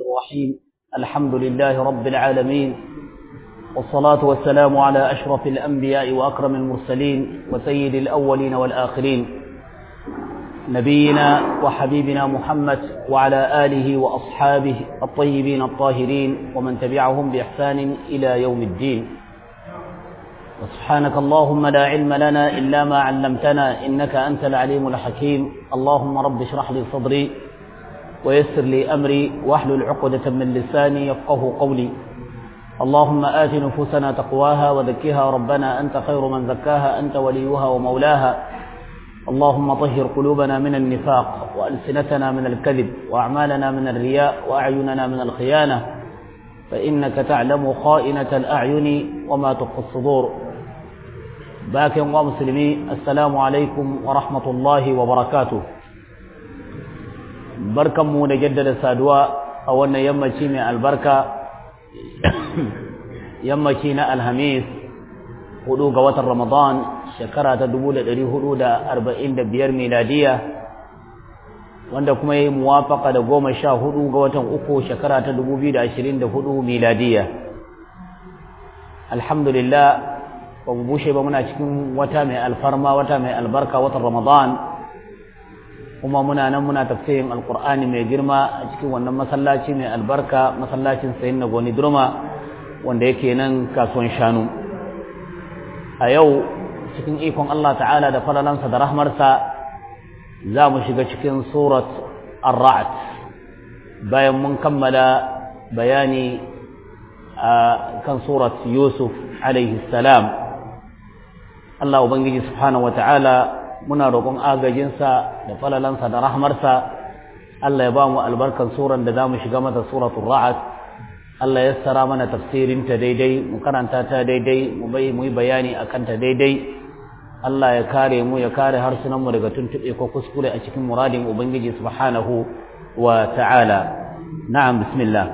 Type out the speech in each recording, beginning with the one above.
الرحيم الحمد لله رب العالمين والصلاة والسلام على أشرف الأنبياء وأكرم المرسلين وسيد الأولين والآخرين نبينا وحبيبنا محمد وعلى آله وأصحابه الطيبين الطاهرين ومن تبعهم بإحسان إلى يوم الدين وسبحانك اللهم لا علم لنا إلا ما علمتنا إنك أنت العليم الحكيم اللهم رب اشرح لي صدري ويسر لي أمري واحلل عقدة من لساني يفقه قولي اللهم آت نفوسنا تقواها وزكها ربنا أنت خير من زكاها أنت وليها ومولاها اللهم طهر قلوبنا من النفاق وألسنتنا من الكذب وأعمالنا من الرياء وأعيننا من الخيانة فإنك تعلم خائنة الأعين وما تخفي الصدور باكم ومسلمي السلام عليكم ورحمة الله وبركاته barkanmu da jaddada saduwa a wannan yammaci mai albarka yammaci na alhamis hudu ga watan ramadan shekara ta 1445 miladiya wanda kuma ya yi muwafaka da goma sha hudu ga watan uku shekara ta 2024 miladiya alhamdulillah ba mu bushe ba muna cikin wata mai alfarma wata mai albarka watan ramadan kuma muna nan muna tafsirin alqur'ani mai girma a cikin wannan masallaci mai albarka masallacin sayin goni durma wanda yake nan kasuwan shanu a yau cikin ikon Allah ta'ala da falalansa da rahmarsa za mu shiga cikin surat ar-ra'd bayan mun kammala bayani a kan surat yusuf alayhi salam Allah ubangiji subhanahu wa ta'ala muna roƙon agajinsa da falalansa da rahmarsa Allah ya ba mu albarkan suran da za mu shiga mata suratul ra'ad Allah ya sara mana tafsirin ta daidai mu karanta ta daidai mu yi bayani a kanta daidai Allah ya kare mu ya kare harsunan mu daga tuntuɓe ko kuskure a cikin muradin ubangiji subhanahu wa ta'ala na'am bismillah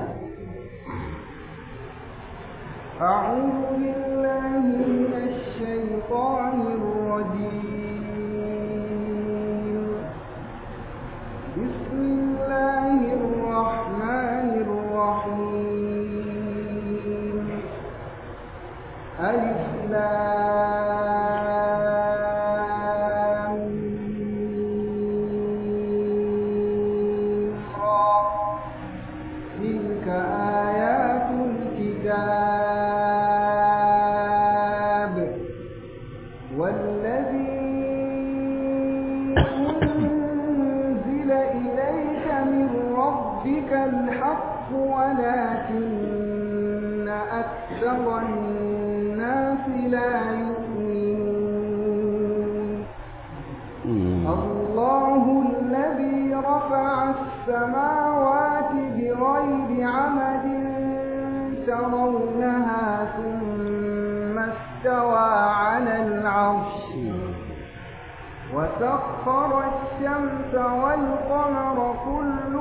والشمس والقمر كل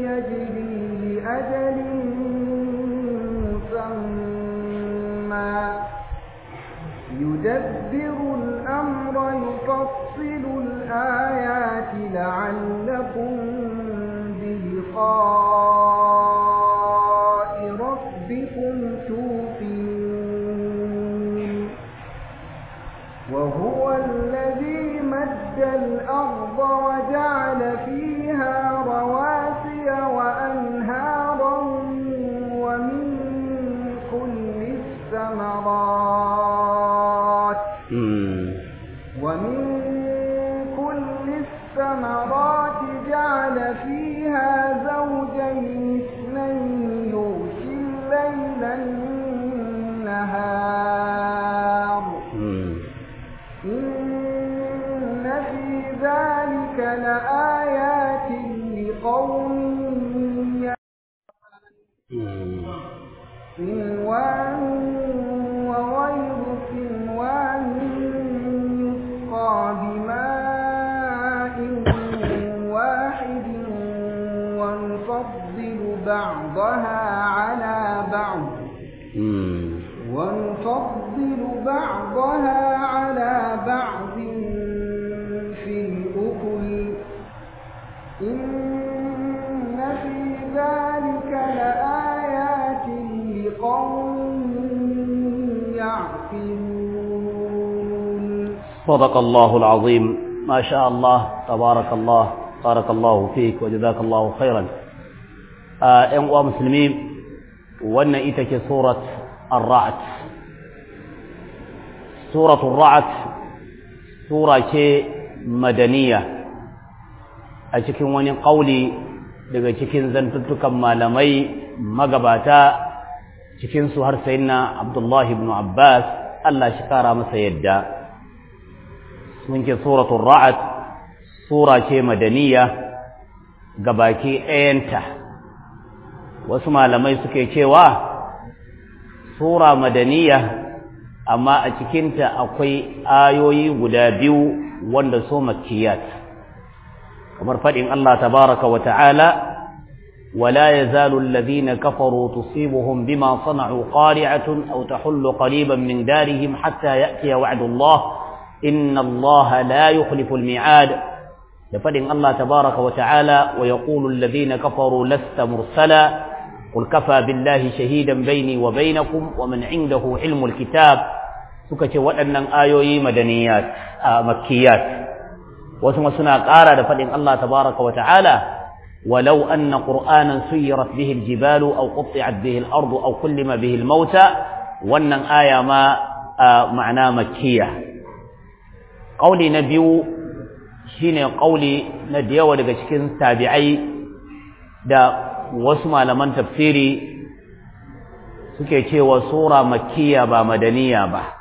يجري لأجل مسمى يدبر الأمر يفصل الآيات لعلكم بعضها على بعض في الأكل إن في ذلك لآيات لقوم يعقلون صدق الله العظيم ما شاء الله تبارك الله بارك الله فيك وجزاك الله خيرا آه، أن آه مسلمين وأن إتك سورة الرعد suratul ra'at sura ce madaniya a cikin wani ƙauli daga cikin zantuttukan malamai magabata cikin su har sayyidina Abdullahi ibn Abbas Allah shi masa yadda sun ce suratul ra'at sura ce madaniya gabaki ɗayanta wasu malamai suke cewa sura madaniya أما a cikinta akwai ayoyi guda biyu wanda فإن الله تبارك وتعالى ولا يزال الذين كفروا تصيبهم بما صنعوا قارعة أو تحل قريبا من دارهم حتى يأتي وعد الله إن الله لا يخلف الميعاد فإن الله تبارك وتعالى ويقول الذين كفروا لست مرسلا قل كفى بالله شهيدا بيني وبينكم ومن عنده علم الكتاب suka ce waɗannan ayoyi madaniyat a makkiyat wasu ma suna ƙara da faɗin Allah tabaraka wa ta'ala walau anna qur'anan suyirat bihi aljibalu aw qutti'at bihi al-ardu aw kullima bihi al-mauta wannan aya ma ma'ana makkiya qauli na biyu shine qauli na diyawa daga cikin tabi'ai da wasu malaman tafsiri suke cewa sura makkiya ba madaniya ba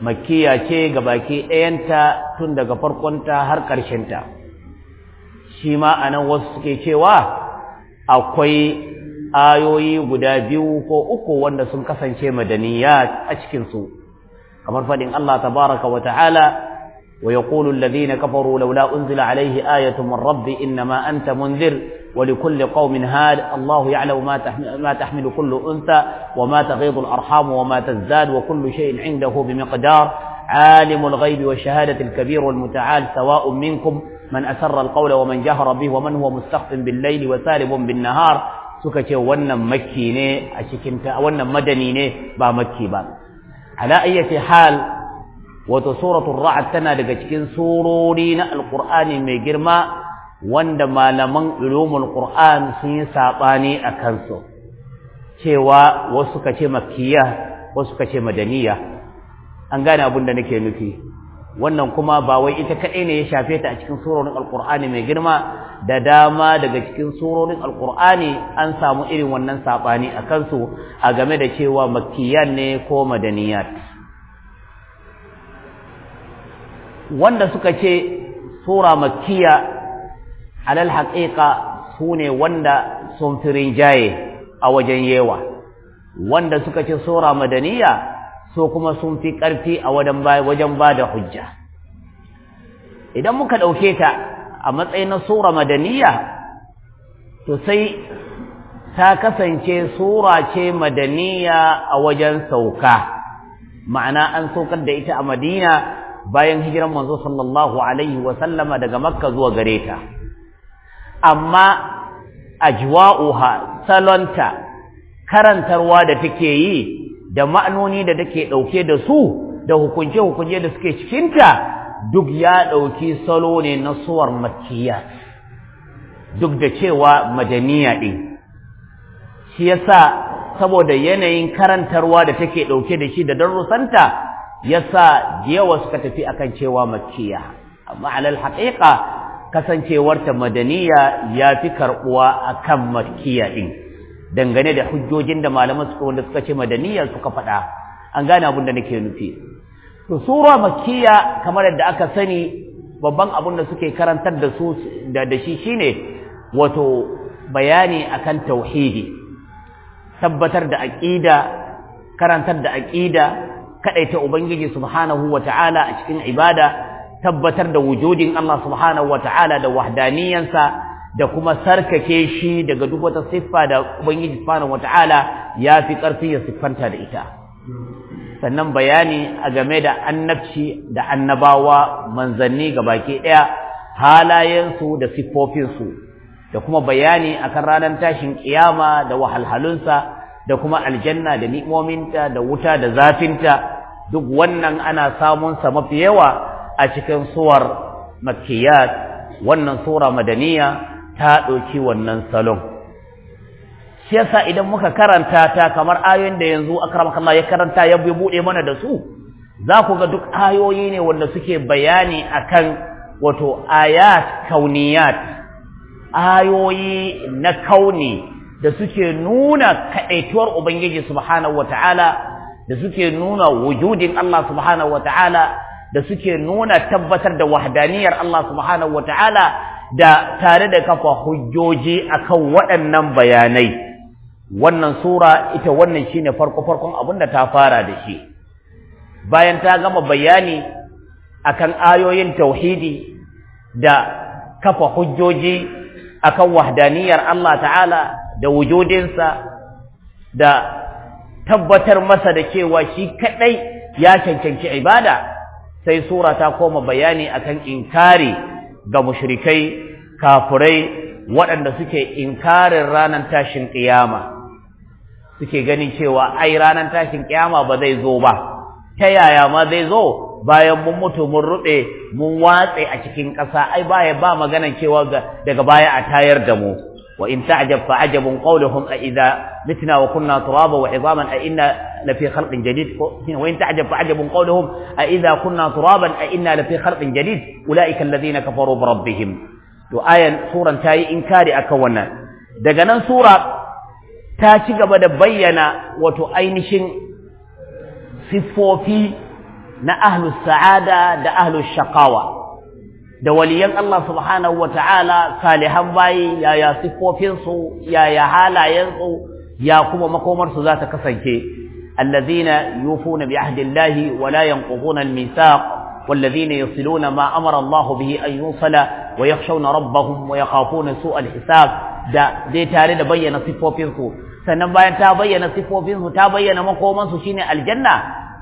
makiya ce ga baki ɗayanta tun daga farkonta har ƙarshenta shi ma a nan wasu suke cewa akwai ayoyi guda biyu ko uku wanda sun kasance madaniyat a cikinsu kamar faɗin Allah tabaraka wa ta'ala wa yaqulu alladhina kafaru laula unzila alayhi ayatun min rabbi innama anta munzir ولكل قوم هاد الله يعلم ما تحمل, ما تحمل كل أنثى وما تغيض الأرحام وما تزداد وكل شيء عنده بمقدار عالم الغيب والشهادة الكبير والمتعال سواء منكم من أسر القول ومن جهر به ومن هو مستخف بالليل وسالب بالنهار سكتي ce مكيني makki ne مدنيني با ta على madani حال ba makki ba ala ayyati hal القرآن suratul wanda malaman ulumul qur'an sun yi sabani a kansu cewa wasu ka ce makiyya wasu ka ce madaniya an gane abin da nake nufi wannan kuma ba wai ita kadai ne ya shafe ta a cikin surorin alqur'ani mai girma da dama daga cikin surorin alqur'ani an samu irin wannan saɓani a kansu a game da cewa makiyyan ne ko madaniyat wanda suka ce sura makiyya. alal haƙiƙa su wanda sun fi rinjaye a wajen yewa wanda suka ci sura madaniya so kuma sun fi ƙarfi a wajen ba da hujja idan muka ɗauke ta a matsayin na sura madaniya to sai ta kasance sura ce madaniya a wajen sauka ma'ana an saukar da ita a madina bayan hijiran manzo sallallahu alaihi wasallama daga makka zuwa gareta. amma ajwa'uha salonta karantarwa da take yi da ma'anoni da take ɗauke da su da hukunce hukunce da suke cikinta duk ya ɗauki salo ne na suwar makiya duk da cewa madaniya din shi yasa saboda yanayin karantarwa da take ɗauke da shi da darussanta yasa yawa suka tafi akan cewa makiya amma alal haqiqa kasancewarta madaniya ya fi karɓuwa akan kan makkiya ɗin dangane da hujjojin da malaman suka wanda suka ce madaniya suka faɗa an gane abin da nake nufi to sura makkiya kamar yadda aka sani babban abin da suke karantar da su da shi shine wato bayani akan tauhidi tabbatar da aqida karantar da aqida kadaita ubangiji subhanahu wataala a cikin ibada tabbatar da wujudin Allah subhanahu ta’ala da wahdaniyansa da kuma sarkake shi daga duk wata siffa da ubangiji subhanahu taala ya fi ƙarfi ya siffanta da ita sannan bayani a game da annabci da annabawa manzanni ga baki ɗaya halayensu da siffofinsu da kuma bayani akan ranar tashin ƙiyama da wahalhalunsa da kuma aljanna da ni'imominta da wuta da zafinta duk wannan ana samunsa mafi yawa a cikin suwar makiyat wannan sura madaniya ta ɗauki wannan salon shi yasa idan muka karanta ta kamar ayoyin da yanzu akramakallah ya karanta ya buɗe mana da su za ku ga duk ayoyi ne wanda suke bayani akan wato ayat kauniyat ayoyi na kauni da suke nuna kaɗaituwar Ubangiji subhanahu wa da suke nuna wujudin Allah subhanahu wa da suke nuna tabbatar da wahdaniyar Allah subhanahu wataala da tare da kafa hujjoji akan waɗannan bayanai wannan sura ita wannan shine farko farkon da ta fara da shi bayan ta gama bayani akan ayoyin tauhidi da kafa hujjoji akan wahdaniyar Allah ta'ala da wujudinsa da tabbatar masa da cewa shi kadai ya cancanci ibada sai sura ta koma bayani akan inkari ga mushrikai kafurai waɗanda suke inkarin ranar tashin ƙiyama suke gani cewa ai ranar tashin ƙiyama ba zai zo ba ta yaya ma zai zo bayan mun mutu mun ruɗe mun watse a cikin ƙasa ai baya ba magana cewa daga baya a tayar da mu وإن تعجب فعجب قولهم أئذا متنا وكنا ترابا وعظاما أئنا لفي خلق جديد وإن تعجب فعجب قولهم أئذا كنا ترابا أئنا لفي خلق جديد أولئك الذين كفروا بربهم وآية سورة تاي إنكار أكونا دقنا سورة تاشق بدا بينا وتؤينش صفوفي na ahlus sa'ada da ahlus da waliyan Allah subhanahu wataala salihan bayi yaya sifofinsu yaya halayensu ya kuma makomarsu za ta kasance alladhina yufuna bi ahdillahi wa la yanquduna almithaq والذين يصلون ما أمر الله به أن يوصل ويخشون ربهم ويخافون سوء الحساب da zai tare da bayyana siffofinsu sannan bayan ta bayyana siffofinsu ta bayyana makomansu shine aljanna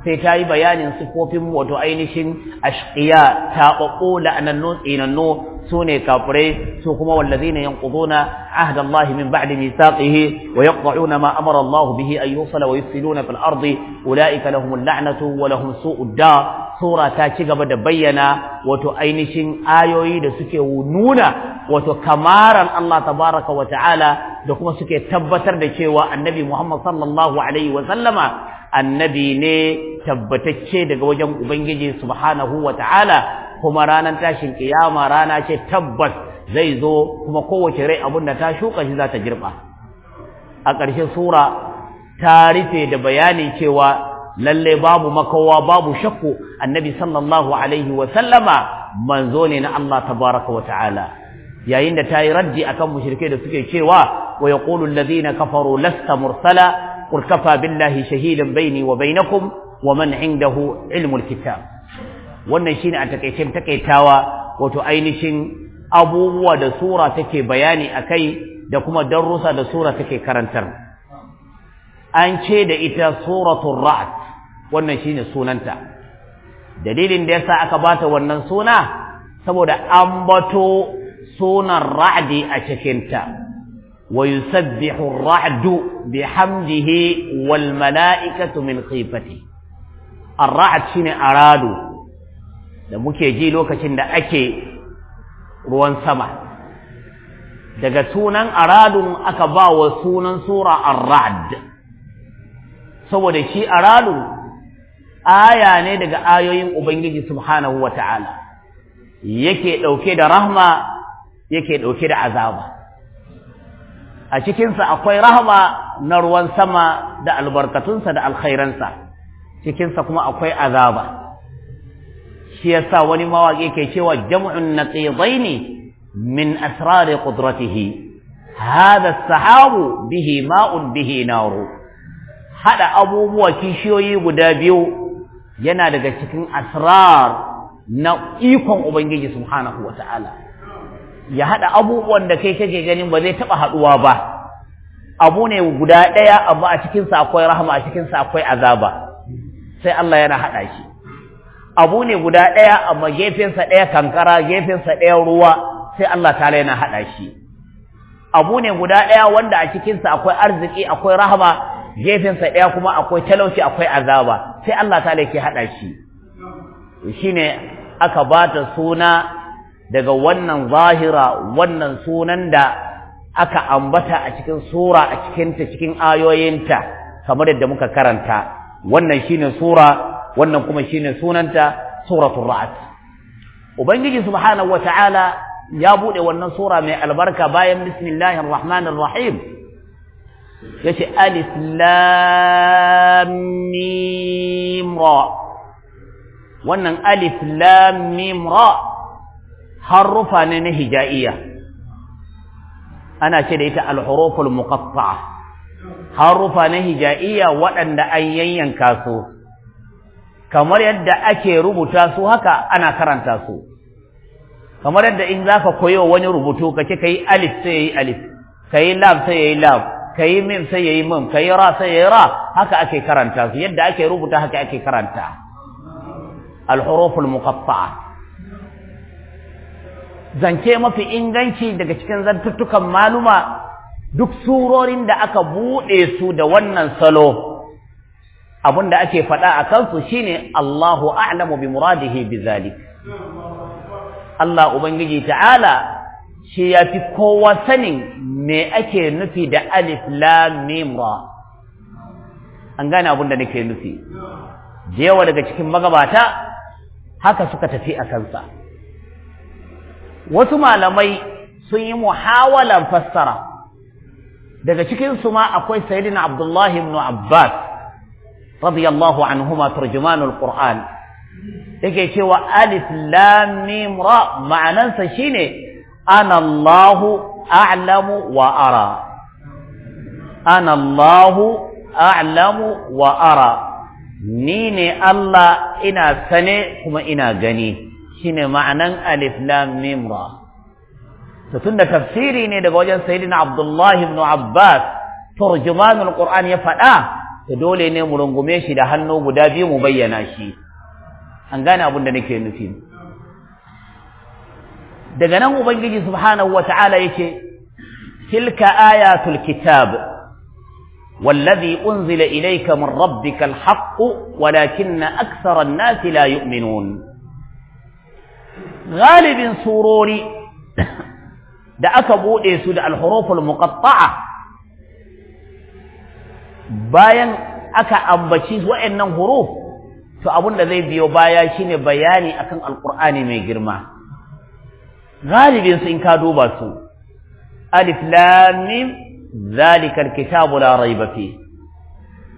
sai ta yi bayanin sifofin wato ainihin ashkiya ta ƙoƙo la'anannu tsinanno. su ne kafirai su kuma wallazina yanquduna ahda Allah min ba'di mithaqihi wa yaqta'una ma amara Allah bihi an yusala wa yufsiduna fil ardi ulaika lahum la'natu wa lahum su'ud da sura ta ci gaba da bayyana wato ainihin ayoyi da suke nuna wato kamaran Allah tabaraka wa ta'ala da kuma suke tabbatar da cewa annabi Muhammad sallallahu alaihi wa sallama annabi ne tabbatacce daga wajen ubangiji subhanahu wa ta'ala kuma ranar tashin kiyama rana ce tabbas zai zo kuma kowace rai abin da ta shuka shi za ta girba a ƙarshen sura ta rufe da bayani cewa lalle babu makawa babu shakku annabi sallallahu alaihi wa sallama manzo ne na Allah tabaraka wa ta'ala yayin da tayi raddi akan mushrike da suke cewa wa yaqulu alladhina kafaru lasta mursala qul kafa billahi shahidan baini wa bainakum wa man indahu ilmul kitab wannan shine a takaicen takaitawa wato ainihin abubuwa da sura take bayani akai da kuma darussa da sura take karantar an ce da ita suratul ra'd wannan shine sunanta dalilin da yasa aka bata wannan suna saboda an bato sunan ra'di a cikin ta ويسبح الرعد بحمده والملائكة من خيفته الرعد shine aradu da muke ji lokacin da ake ruwan sama daga sunan aradun aka ba wa sunan sura arad saboda shi aradu aya ne daga ayoyin ubangiji subhanahu wataala yake ɗauke da rahma yake ɗauke da azaba a cikinsa akwai rahma na ruwan sama da albarkatunsa da alkhairansa cikinsa kuma akwai azaba shi yasa wani mawaƙi ke cewa jam'un naqidaini min asrar qudratihi hada sahabu bihi ma'un bihi naru hada abubuwa kishiyoyi guda biyu yana daga cikin asrar na ikon ubangiji subhanahu ta'ala ya haɗa abubuwan da kai kake ganin ba zai taba haɗuwa ba abu ne guda ɗaya amma a cikin sa akwai rahama a cikin sa akwai azaba sai Allah yana hada shi abu ne guda ɗaya amma gefensa ɗaya kankara gefensa ɗaya ruwa sai Allah ta yana haɗa shi abu ne guda ɗaya wanda a cikinsa akwai arziki akwai rahama gefensa ɗaya kuma akwai talauci akwai azaba sai Allah ta ke haɗa shi shine aka ba ta suna daga wannan zahira wannan sunan da aka ambata a cikin sura a cikinta cikin ayoyinta kamar yadda muka karanta wannan shine sura wannan kuma shine sunanta suratul ra'd ubangiji subhanahu wata'ala ya bude wannan sura mai albarka bayan bismillahir rahmanir rahim yace alif lam mim ra wannan alif lam mim ra harufa ne na hijaiya ana ce da ita al-huruful muqatta'a harufa na hijaiya waɗanda an yayyanka su kamar yadda ake rubuta su haka ana karanta su kamar yadda in za ka koyo wani rubutu ka ka kai alif sai yayi alif kai lam sai yayi lam kai mim sai yayi mim kai ra sai yayi ra haka ake karanta su yadda ake rubuta haka ake karanta al huruful muqatta'a zance mafi inganci daga cikin zantuttukan maluma duk surorin da aka bude su da wannan salo abin da ake faɗa a kansu shine Allahu a'lamu bi muradihi bizalik Allah ubangiji ta'ala shi ya fi kowa sanin me ake nufi da alif lam mim ra an gane abin da nake nufi jewa daga cikin magabata haka suka tafi a kansa wasu malamai sun yi muhawalan fassara daga cikin su ma akwai sayyidina Abdullahi ibn Abbas radiyallahu anhuma turjumanul qur'an yake cewa alif lam mim ra ma'anansa shine ana Allahu a'lamu wa ara ana a'lamu wa ara ni ne Allah ina sane kuma ina gani shine ma'anan alif lam mim ra to tunda tafsiri ne daga wajen sayyidina Abdullahi ibn Abbas turjumanul Qur'an ya faɗa to dole ne mu rungume shi da hannu guda biyu mu bayyana shi an gane abin da nake nufi daga nan ubangiji subhanahu wata'ala yake tilka ayatul kitab والذي أنزل إليك من ربك الحق ولكن أكثر الناس لا يؤمنون غالب سوروري da aka bude su da alhuruful muqatta'a bayan aka ambaci wa'annan huruf to abin da zai biyo baya shine bayani akan alqur'ani mai girma galibin su in ka duba su alif lam mim zalika alkitabu la rayba fi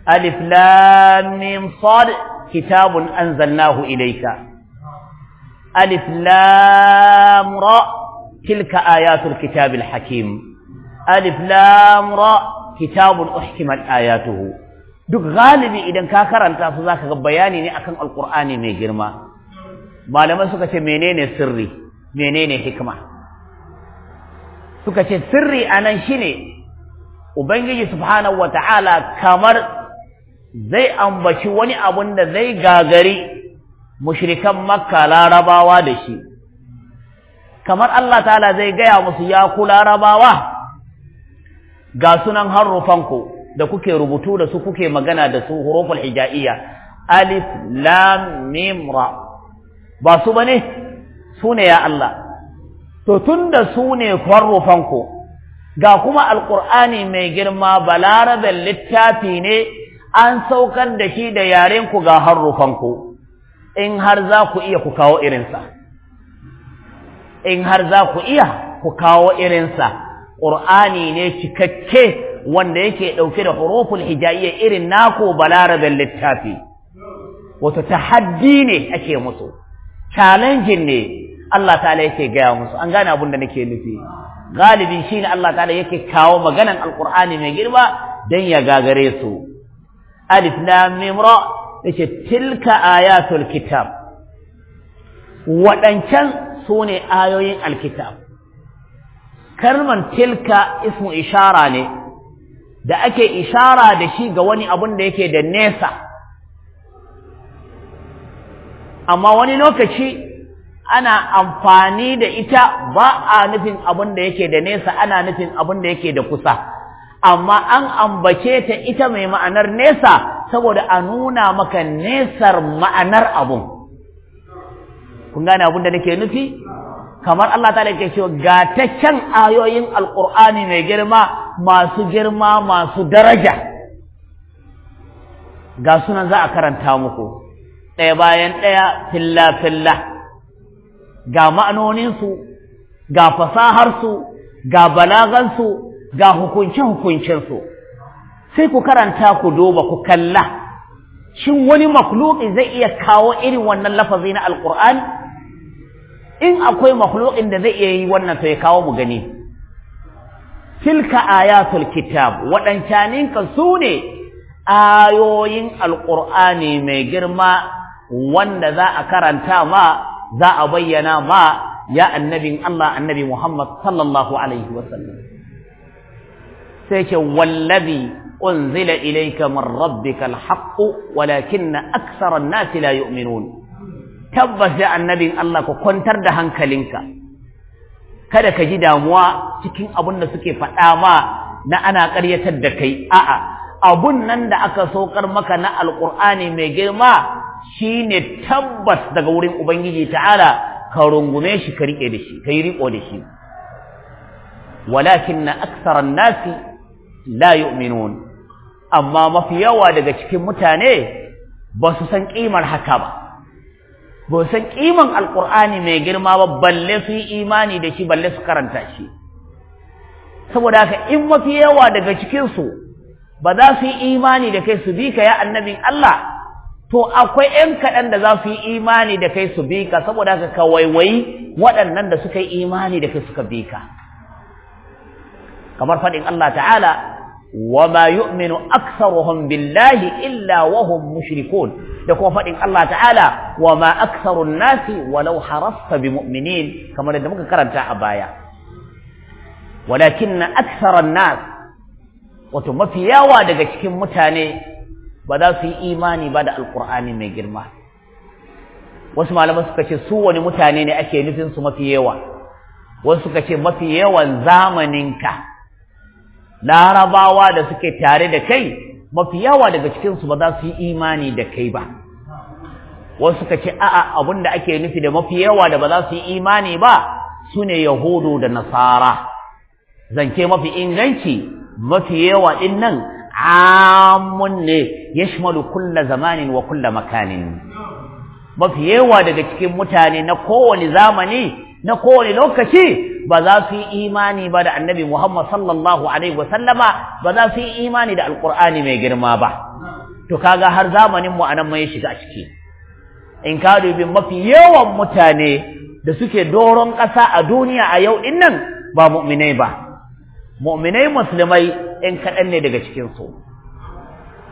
alif lam mim sad kitabun anzalnahu ilayka alif lam ra tilka ayatul kitabil hakim alif lam ra kitabun uhkimat ayatuhu duk galibi idan ka karanta su zaka ga bayani ne akan alqur'ani mai girma malamai suka ce menene sirri menene hikma? suka ce sirri anan shine ubangiji subhanahu wataala kamar zai ambaci wani abun da zai gagari mushrikan makka larabawa da shi kamar Allah ta'ala zai gaya musu ya ku larabawa ga sunan harufanku da kuke rubutu da su kuke magana da su huruful hija'iyya alif lam mim ra ba su bane sune ya Allah to tunda sune harufanku ga kuma alqur'ani mai girma balarabal littafi ne an saukar da shi da yaren ga harufanku in har za ku iya ku kawo irinsa in har za ku iya ku kawo irinsa ƙur'ani ne cikakke wanda yake ɗauke da huruful hijayya irin nako balarabin littafi Wata tahaddi ne ake musu challenging ne Allah ta'ala yake gaya musu an gane abin da nake nufi galibi shine Allah ta'ala yake kawo maganan alqur'ani mai girma dan ya gagare su alif lam mim ra yace tilka ayatul kitab wadancan sune ayoyin alkitab kalman tilka ismu ishara ne da ake ishara da shi ga wani abun da yake da nesa amma wani lokaci ana amfani da ita ba a nufin abun da yake da nesa ana nufin abun da yake da kusa amma an ambace ta ita mai ma'anar nesa saboda a nuna maka nesar ma'anar abun kun gane abun da nake nufi kamar Allah ta ke cewa ga ta can ayoyin alƙur'ani mai girma masu girma masu daraja ga sunan za a karanta muku ɗaya bayan ɗaya filla-filla ga ma'anoninsu ga fasaharsu ga balagansu ga hukunce-hukuncensu sai ku karanta ku duba ku kalla shin wani makluki zai iya kawo irin wannan lafazi na alƙur'ani in akwai makhluqin da zai yi wannan to ya kawo mu gani tilka ayatul kitab wadancanin ka su ne ayoyin alqur'ani mai girma wanda za a karanta ma za a bayyana ma ya annabin Allah annabi Muhammad sallallahu alaihi wasallam sai ce wallazi unzila ilayka min ربك الحق ولكن aktharan nasi la yu'minun tabbas da annabin Allah ku kwantar da hankalinka kada ka ji damuwa cikin abun da suke faɗa ma na ana ƙaryatar da kai a'a abun nan da aka saukar maka na alƙur'ani mai girma shine tabbas daga wurin ubangiji ta'ala ka rungume shi ka riƙe da shi ka yi riƙo da shi walakin na aksaran nasi la yu'minun amma mafi yawa daga cikin mutane ba su san ƙimar haka ba ba san kiman alqur'ani mai girma ba balle su yi imani da shi balle su karanta shi saboda haka in mafi yawa daga cikin su ba za su yi imani da kai su bika ya annabin Allah to akwai ‘yan kaɗan da za su yi imani da kai su bika saboda haka ka waiwayi waɗannan da suka yi imani da kai suka bi ka kamar faɗin Allah ta'ala وما يؤمن أكثرهم بالله إلا وهم مشركون لكم فإن الله تعالى وما أكثر الناس ولو حرصت بمؤمنين كما لدمك كرمت أبايا ولكن أكثر الناس وتم في ياوا دقشك متاني بدا في إيماني بدا القرآن من جرمه wasu لما suka سوى su أكي mutane ne ake nufin su mafi yawa wasu suka larabawa da suke tare da kai mafi yawa daga cikinsu ba za su yi imani da kai ba wasu suka ce a'a abin da ake nufi da mafi yawa da ba za su yi imani ba su ne yahudu da nasara zance mafi inganci mafi yawa ɗin nan amun ne ya shimalu kulla zamanin wa kulla makanin mafi yawa daga cikin mutane na kowane zamani na kowane lokaci ba za su yi imani ba da annabi Muhammad sallallahu alaihi wasallama ba za su yi imani da alqur'ani mai girma ba to kaga har zamanin mu anan mai shiga ciki in ka dubi mafi yawan mutane da suke doron ƙasa a duniya a yau din nan ba mu'minai ba mu'minai musulmai in kaɗan ne daga cikin su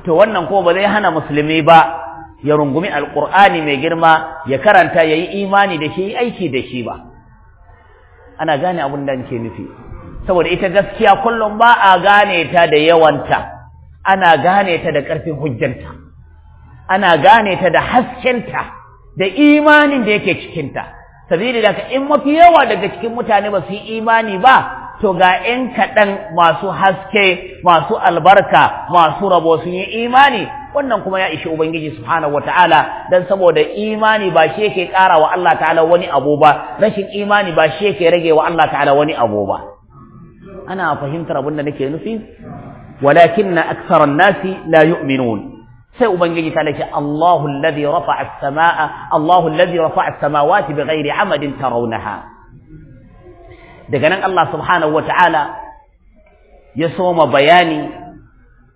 to wannan ko ba zai hana musulmi ba ya rungumi alqur'ani mai girma ya karanta yayi imani da shi aiki da shi ba ana gane abin da nake nufi saboda ita gaskiya kullum ba a gane ta da yawanta ana gane ta da ƙarfin hujjanta ana gane ta da haskenta da imanin da yake cikinta sabili da in mafi yawa daga cikin mutane ba su yi imani ba to ga ‘yan kaɗan masu haske masu albarka masu rabo sun yi imani wannan kuma ya ishi ubangiji subhanahu wataala dan saboda imani ba shi yake ƙara wa Allah ta'ala wani abu ba rashin imani ba shi yake rage wa Allah ta'ala wani abu ba ana fahimtar abin da nake nufi walakin akthara nasi la yu'minun sai ubangiji ta ce Allahu alladhi rafa'a as-samaa Allahu alladhi rafa'a as-samawati bighairi 'amadin raunaha. daga nan Allah subhanahu wataala ya soma bayani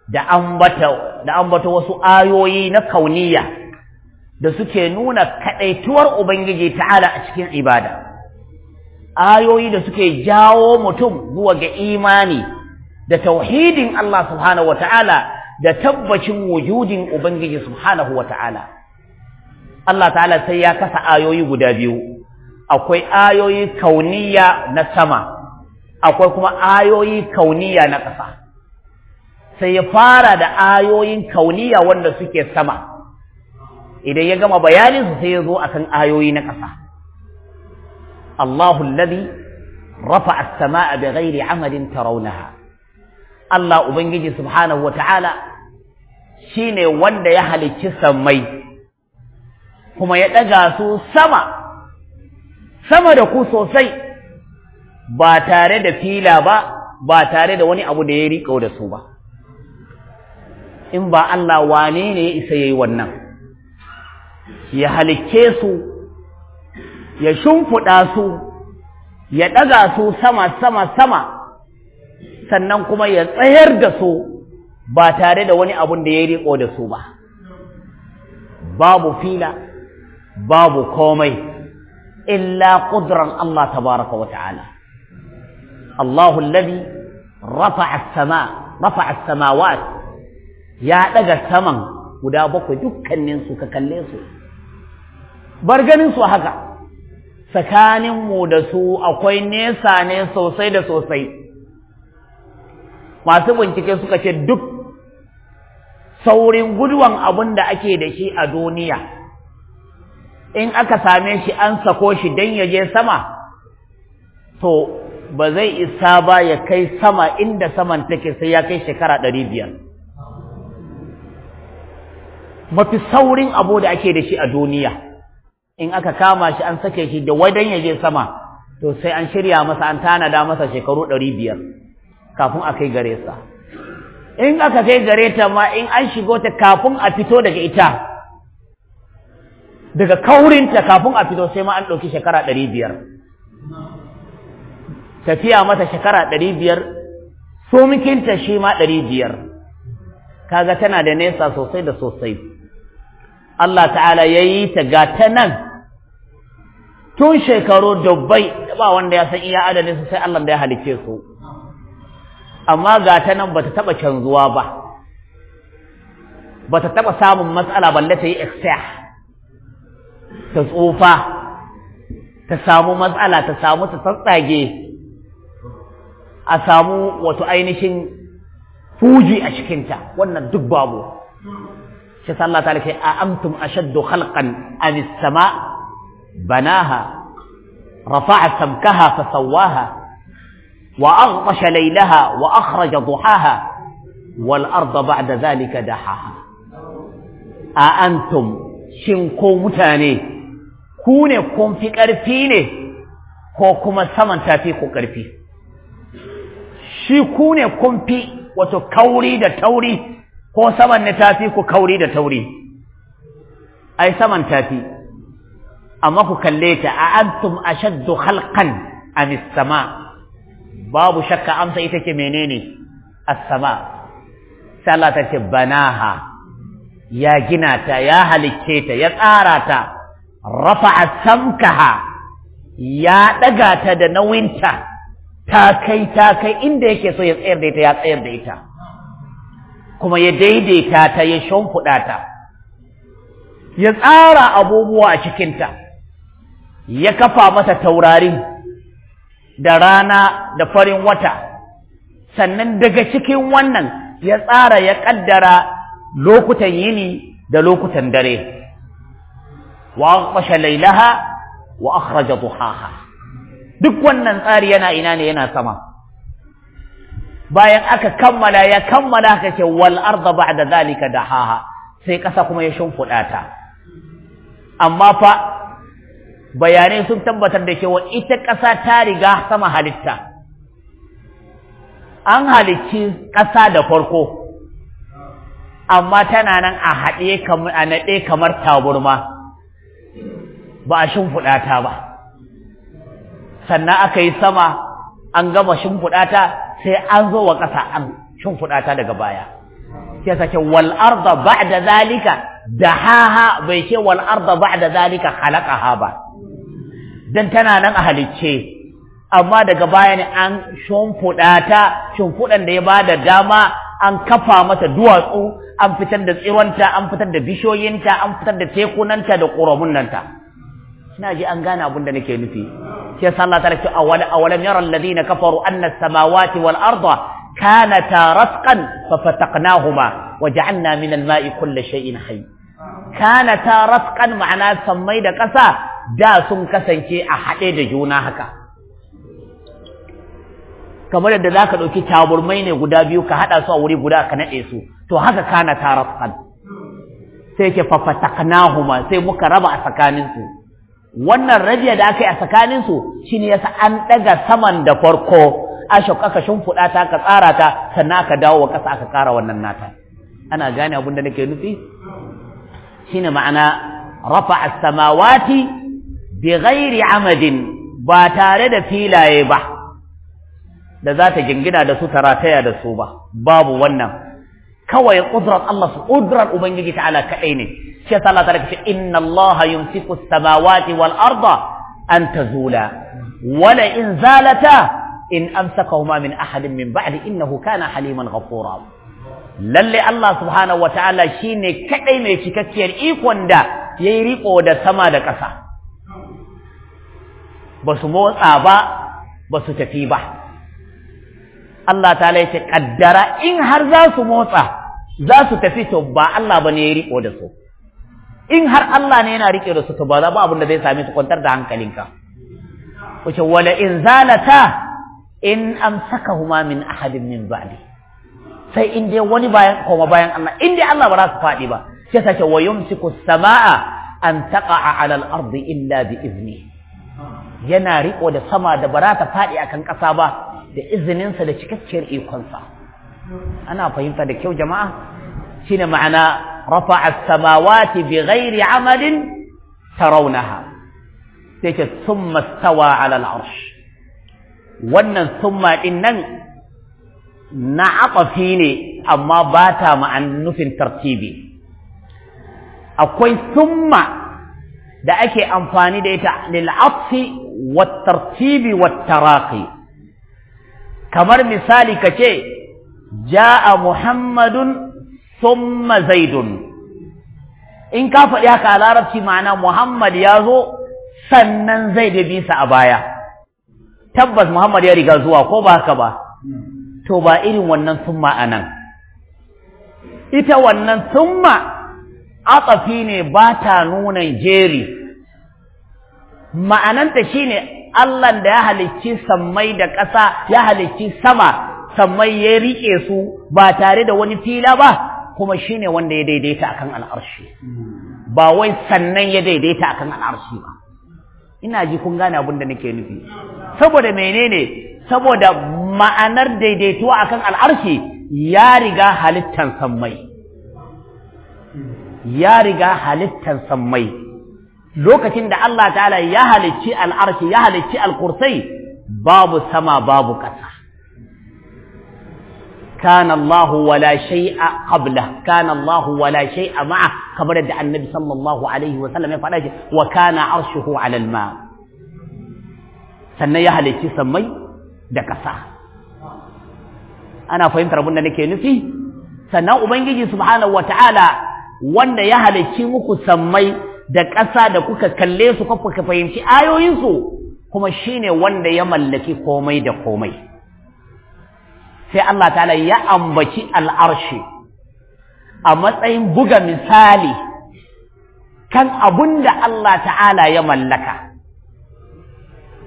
da ambata da ambata wasu ayoyi na kauniya da suke nuna kadaituwar ubangiji ta'ala a cikin ibada ayoyi da suke jawo mutum zuwa ga imani da tauhidin Allah subhanahu wata'ala da tabbacin wujudin ubangiji subhanahu wata'ala Allah ta'ala sai ya kasa ayoyi guda biyu akwai ayoyi kauniya na sama akwai kuma ayoyi kauniya na ƙasa sai ya fara da ayoyin kauniya wanda suke sama idan ya gama bayanin su sai ya zo a kan ayoyi na ƙasa Allahu rafa rafa'a as-samaa'a bighairi 'amalin tarawnaha Allah ubangiji subhanahu wata'ala shine wanda ya halicci sammai kuma ya ɗaga su sama sama da ku sosai ba tare da fila ba ba tare da wani abu da ya riƙo da su ba in ba Allah wane ne ya isa yayi wannan ya halicce su ya shunfuda su ya daga su sama sama sama sannan kuma ya tsayar da su ba tare da wani abun da ya riko da su ba babu fila babu komai illa qudran Allah tabaraka wa ta'ala Allahu alladhi rafa'a as-sama rafa'a as-samawati ya ɗaga saman guda bakwai dukkanin su ka kalle su bar ganin su haka Tsakaninmu da su akwai nesa ne sosai da sosai masu bincike suka ce duk saurin gudwan abun da ake da shi a duniya in aka same shi an sako shi don ya je sama to ba zai isa ba ya kai sama inda saman take sai ya kai shekara ɗari biyar mafi saurin abu da ake da shi a duniya in aka kama shi an sake shi da wadan ya je sama to sai an shirya masa an tanada masa shekaru ɗari biyar kafin a kai gare sa in aka kai gare ta ma in an shigo ta kafin a fito daga ita daga kaurinta kafin a fito sai ma an ɗauki shekara ɗari biyar tafiya mata shekara ɗari biyar somikinta shi ma ɗari biyar kaga tana da nesa sosai da sosai Allah ta'ala ya yi ta ga ta nan tun shekaru dubbai da ba wanda ya san iya adadin su sai Allah da ya halice su amma ga ta nan bata taba canzuwa ba bata taba samun matsala balle ta yi expire ta tsufa ta samu matsala ta samu ta tsatsage a samu wato ainihin fuji a cikinta wannan duk babu شاء الله تعالى أأمتم أشد خلقا أم السماء بناها رفع سمكها فسواها وأغطش ليلها وأخرج ضحاها والأرض بعد ذلك دحاها أأنتم شنكو متاني كونكم في كرفيني كوكما سمن تافيكو كرفيني شكونكم في وتكوري دا توري ko saman ne tafi ku kauri da tauri ai saman tafi amma ku kalle ta a antum ashaddu khalqan am sama babu shakka amsa ita ce menene as-sama sai ta ce banaha ya gina ta ya halicce ta ya tsara ta rafa'a samkaha ya daga ta da nauyinta ta kai ta kai inda yake so ya tsayar da ita ya tsayar da ita kuma ya daidaita ta ya shimfiɗa ta ya tsara abubuwa a cikinta ya kafa mata taurari da rana da farin wata sannan daga cikin wannan ya tsara ya ƙaddara lokutan yini da lokutan dare wa lailaha wa akhraja duk wannan tsari yana ina ne yana sama bayan aka kammala ya kammala ka ce wal arda ba'da zalika dahaha sai kasa kuma ya shimfiɗa ta amma fa bayanai sun tabbatar da cewa ita kasa ta riga sama halitta an halicci kasa da farko amma tana nan a haɗe kamar a naɗe kamar taburma ba a shimfiɗa ta ba sannan aka yi sama an gama shimfiɗa ta sai an zo wa ƙasa an shimfiɗa daga baya sai sake da ba da zalika da haha. bai ce da ba da zalika halaka ha ba dan tana nan a halicce amma daga baya ne an shimfiɗa ta da ya bada dama an kafa mata duwatsu an fitar da tsironta an fitar da bishoyinta an fitar da tekunanta da ƙoramunanta suna ji an gane abin da nake nufi Sai yasa Allah ta'ala ce awalam yara alladhina kafaru anna as-samawati wal arda kanata ratqan fa fataqnahuma wa ja'alna min al-ma'i kulli shay'in hayy kanata ratqan ma'ana sammai da ƙasa da sun kasance a haɗe da juna haka kamar yadda zaka dauki taburmai ne guda biyu ka hada su a wuri guda ka nade su to haka kanata ratqan sai ke fa fataqnahuma sai muka raba a tsakaninsu wannan rajiya da aka yi a tsakaninsu shine yasa an ɗaga saman da farko ashok aka shimfiɗa ta ka tsara ta sannan aka dawo wa ƙasa aka ƙara wannan nata ana gane abin da nake nufi shine ma'ana rafa as-samawati bi ghairi amadin ba tare da filaye ba da za ta jingina da su tarataya da su ba babu wannan kawai ƙudurar Allah su ƙudurar ubangiji ta'ala kaɗai ne shi yasa Allah ta'ala ce inna Allah yumsiku as-samawati wal arda an tazula wala in zalata in amsakahuma min ahadin min ba'di innahu kana haliman ghafura lalle Allah subhanahu wa ta'ala shine kadai mai cikakkiyar ikon da yayi riko da sama da ƙasa ba su motsa ba basu su tafi ba Allah ta'ala ya ce kaddara in har za su motsa za su tafi to ba Allah bane ya riko da su in har Allah ne yana rike da su to ba za ba abin da zai same su kwantar da hankalinka wace wala in zalata in amsakahuma min ahadin min ba'di sai in dai wani bayan koma bayan Allah in dai Allah ba za su faɗi ba sai sake wa yumsiku samaa an taqa'a 'ala al-ardi illa bi izni yana riko da sama da ba ta faɗi akan ƙasa ba da izininsa da cikakkiyar ikonsa ana fahimta da kyau jama'a shine ma'ana رفع السماوات بغير عمل ترونها ثم استوى على العرش وانا ثم انا نعط فيني اما بات مع النف ترتيبي اكوين ثم دعك اكي انفاني دا للعطف والترتيب والتراقي كمر مثالي جاء محمد thumma zaidun in ka faɗi haka a larabci ma'ana Muhammad ya zo sannan zai da bisa a baya tabbas Muhammad ya riga zuwa ko ba haka ba to ba irin wannan thumma nan ita wannan thumma tsafi ne ba ta nuna jeri ma'ananta shine Allah da ya halicci sammai da ƙasa ya halicci sama sammai ya riƙe su ba tare da wani fila ba kuma shi ne wanda ya daidaita akan al'arshi ba wai sannan ya daidaita akan al'arshi ba ina ji kun gane abin da nake nufi saboda menene saboda ma'anar daidaituwa akan al'arshi ya riga halittan sammai ya riga halittan sammai lokacin da Allah ta'ala ya halicci al'arshi ya halicci al'kursai babu sama babu ƙasa kana Allahu wala shay'a qabla kana Allahu wala shay'a ma'a kamar da annabi sallallahu alaihi wa sallam ya faɗa shi wa kana arshuhu ala al-ma sannan ya halicci sammai da ƙasa ana fahimtar abin da nake nufi sannan ubangiji subhanahu wata'ala wanda ya halicci muku sammai da ƙasa da kuka kalle su kuka fahimci ayoyinsu kuma shine wanda ya mallaki komai da komai sai Allah ta'ala ya ambaci al'arshe a matsayin buga misali kan abun da Allah ta'ala ya mallaka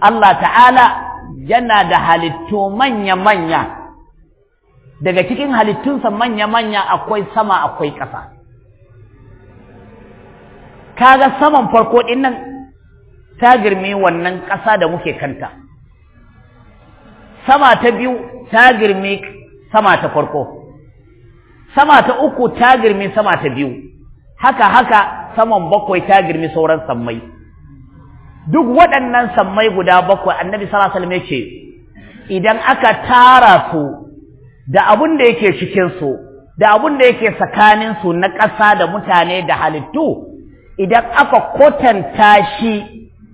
Allah ta'ala yana da halittu manya-manya daga cikin halittunsa manya-manya akwai sama akwai ƙasa kaga saman farko ɗin nan ta girme wannan ƙasa da muke kanta sama ta biyu ta girmi sama ta farko sama ta uku ta girmi sama ta biyu haka haka saman bakwai ta girmi sauran sammai duk waɗannan sammai guda bakwai annabi sallallahu alaihi wasallam ce idan aka tara su da abun da yake cikin su da abun da yake tsakanin su na ƙasa da mutane da halittu idan aka kwatanta shi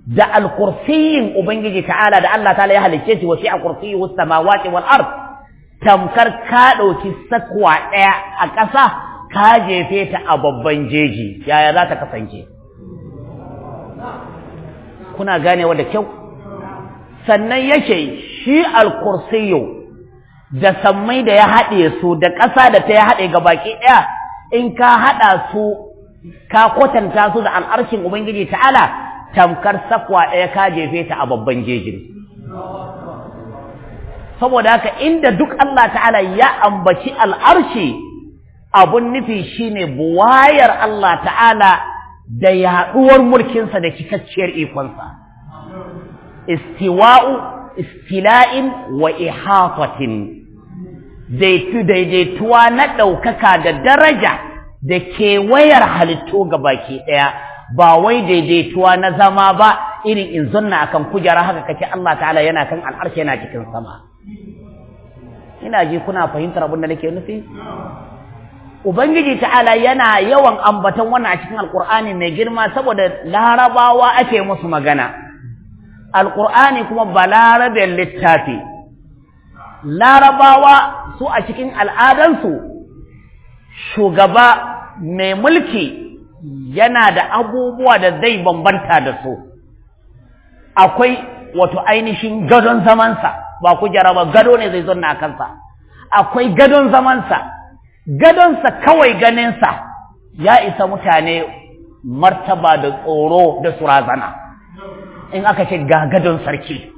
da alkursiyin ubangiji ta'ala da Allah ta'ala ya halicce shi wasi'a wa samawati wal ard tamkar ka dauki sakwa daya a ƙasa ka jefe ta a babban jeji yaya za ta kasance kuna gane da kyau sannan yake shi alkursiyu da sammai da ya haɗe su da ƙasa da ta ya haɗe ga baki ɗaya in ka haɗa su ka kwatanta su da al'arshin ubangiji ta'ala tamkar sakwa ɗaya ka jefe ta a babban jejin saboda haka inda duk Allah ta'ala ya ambaci al'arshi abun nufi shine buwayar Allah ta'ala da yaɗuwar mulkinsa da cikakkiyar ikonsa istiwa'u istila'in wa ihafatin daidaituwa na ɗaukaka da daraja da kewayar halittu ga baki ɗaya ba wai daidaituwa na zama ba irin in zanna akan kujera haka kake Allah ta'ala yana kan al'arshe yana cikin sama ina ji kuna fahimtar abin da nake nufi ubangiji ta'ala yana yawan ambaton wannan a cikin alqur'ani mai girma saboda larabawa ake musu magana alqur'ani kuma balarabe littafi larabawa su a cikin al'adansu shugaba mai mulki yana da abubuwa da zai bambanta da su akwai wato ainihin gadon zamansa ba ku ba gado ne zai zonna a kansa akwai gadon zamansa gadonsa kawai ganinsa ya isa mutane martaba da tsoro da surazana in aka ce ga gadon sarki